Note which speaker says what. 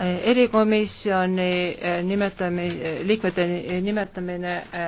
Speaker 1: erikomisjoni eh, nimetami- liikmete nimetamine eh,